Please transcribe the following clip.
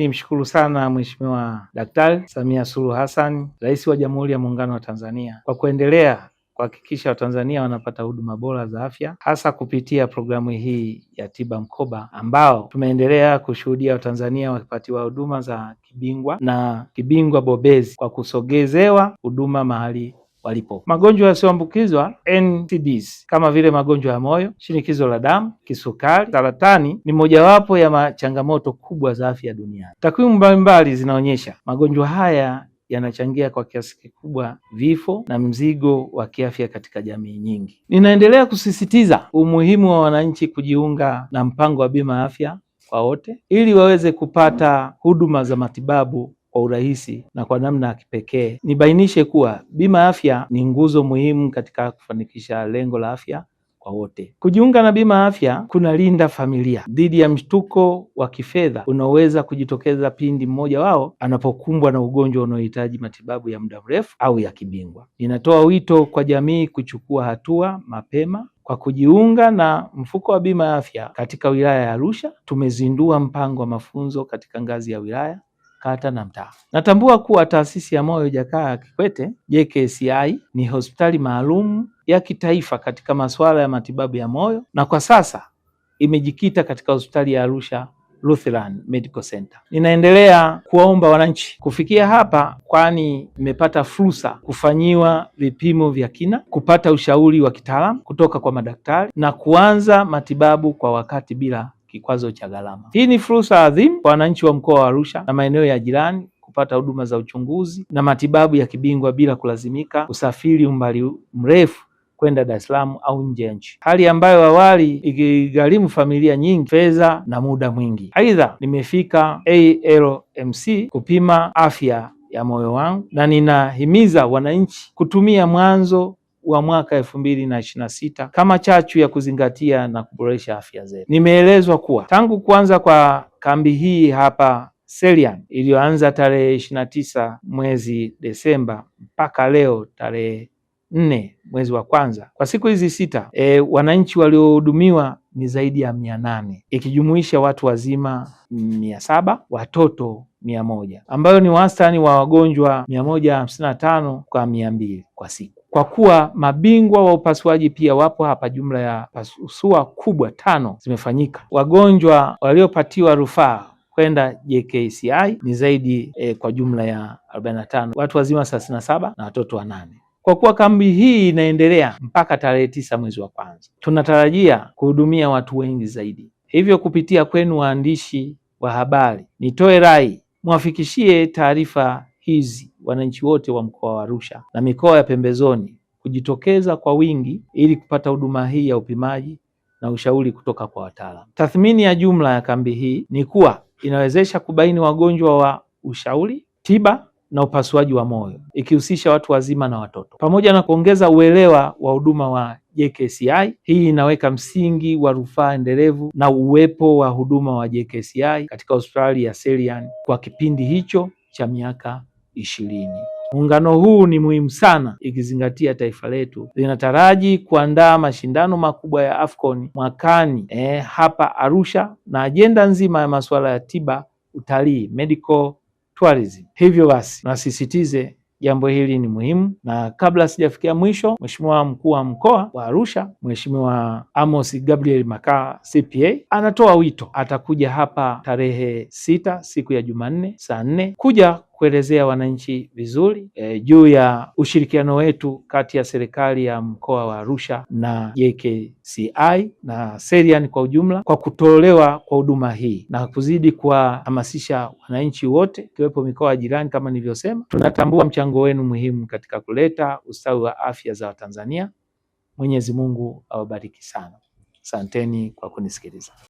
nimshukuru sana Mheshimiwa Daktari Samia Suluhu Hassan, Rais wa Jamhuri ya Muungano wa Tanzania kwa kuendelea kuhakikisha Watanzania wanapata huduma bora za afya hasa kupitia programu hii ya tiba mkoba ambao tumeendelea kushuhudia Watanzania wakipatiwa huduma za kibingwa na kibingwa bobezi kwa kusogezewa huduma mahali walipo. Magonjwa yasiyoambukizwa NTDs, kama vile magonjwa ya moyo, shinikizo la damu, kisukari, saratani ni mojawapo ya changamoto kubwa za afya duniani. Takwimu mbalimbali zinaonyesha magonjwa haya yanachangia kwa kiasi kikubwa vifo na mzigo wa kiafya katika jamii nyingi. Ninaendelea kusisitiza umuhimu wa wananchi kujiunga na mpango wa bima ya afya kwa wote ili waweze kupata huduma za matibabu kwa urahisi na kwa namna ya kipekee. Nibainishe kuwa bima ya afya ni nguzo muhimu katika kufanikisha lengo la afya kwa wote. Kujiunga na bima ya afya kunalinda familia dhidi ya mshtuko wa kifedha unaoweza kujitokeza pindi mmoja wao anapokumbwa na ugonjwa unaohitaji matibabu ya muda mrefu au ya kibingwa. Ninatoa wito kwa jamii kuchukua hatua mapema. Kwa kujiunga na mfuko wa bima ya afya katika wilaya ya Arusha, tumezindua mpango wa mafunzo katika ngazi ya wilaya kata na mtaa. Natambua kuwa taasisi ya Moyo Jakaya Kikwete JKCI ni hospitali maalum ya kitaifa katika masuala ya matibabu ya moyo na kwa sasa imejikita katika hospitali ya Arusha Lutheran Medical Center. Ninaendelea kuwaomba wananchi kufikia hapa, kwani nimepata fursa kufanyiwa vipimo vya kina, kupata ushauri wa kitaalamu kutoka kwa madaktari na kuanza matibabu kwa wakati bila kikwazo cha gharama. Hii ni fursa adhimu kwa wananchi wa mkoa wa Arusha na maeneo ya jirani kupata huduma za uchunguzi na matibabu ya kibingwa bila kulazimika usafiri umbali mrefu kwenda Dar es Salaam au nje ya nchi, hali ambayo awali ikigharimu familia nyingi fedha na muda mwingi. Aidha, nimefika ALMC kupima afya ya moyo wangu na ninahimiza wananchi kutumia mwanzo wa mwaka elfu mbili na ishirini na sita kama chachu ya kuzingatia na kuboresha afya zetu. Nimeelezwa kuwa tangu kuanza kwa kambi hii hapa Selian iliyoanza tarehe ishirini na tisa mwezi Desemba mpaka leo tarehe nne mwezi wa kwanza, kwa siku hizi sita, e, wananchi waliohudumiwa ni zaidi ya mia nane ikijumuisha watu wazima mia saba watoto mia moja ambayo ni wastani wa wagonjwa mia moja hamsini na tano kwa mia mbili kwa siku. Kwa kuwa mabingwa wa upasuaji pia wapo hapa, jumla ya pasua kubwa tano zimefanyika. Wagonjwa waliopatiwa rufaa kwenda JKCI ni zaidi eh, kwa jumla ya 45 watu wazima 37 na watoto wanane. Kwa kuwa kambi hii inaendelea mpaka tarehe tisa mwezi wa kwanza, tunatarajia kuhudumia watu wengi zaidi. Hivyo, kupitia kwenu waandishi wa habari, nitoe rai mwafikishie taarifa hizi wananchi wote wa mkoa wa Arusha na mikoa ya pembezoni kujitokeza kwa wingi ili kupata huduma hii ya upimaji na ushauri kutoka kwa wataalamu. Tathmini ya jumla ya kambi hii ni kuwa inawezesha kubaini wagonjwa wa ushauri, tiba na upasuaji wa moyo ikihusisha watu wazima na watoto, pamoja na kuongeza uelewa wa huduma wa JKCI. Hii inaweka msingi wa rufaa endelevu na uwepo wa huduma wa JKCI katika hospitali ya Selian kwa kipindi hicho cha miaka ishirini. Muungano huu ni muhimu sana ikizingatia taifa letu linataraji kuandaa mashindano makubwa ya AFCON mwakani eh, hapa Arusha, na ajenda nzima ya masuala ya tiba, utalii, medical tourism. Hivyo basi nasisitize jambo hili ni muhimu, na kabla sijafikia mwisho, Mheshimiwa mkuu wa mkoa wa Arusha, Mheshimiwa Amos Gabriel Makaa CPA anatoa wito, atakuja hapa tarehe sita siku ya Jumanne saa nne kuja kuelezea wananchi vizuri e, juu ya ushirikiano wetu kati ya serikali ya mkoa wa Arusha na JKCI na Serian kwa ujumla kwa kutolewa kwa huduma hii na kuzidi kuwahamasisha wananchi wote ikiwepo mikoa ya jirani. Kama nilivyosema, tunatambua mchango wenu muhimu katika kuleta ustawi wa afya za Watanzania. Mwenyezi Mungu awabariki sana. Asanteni kwa kunisikiliza.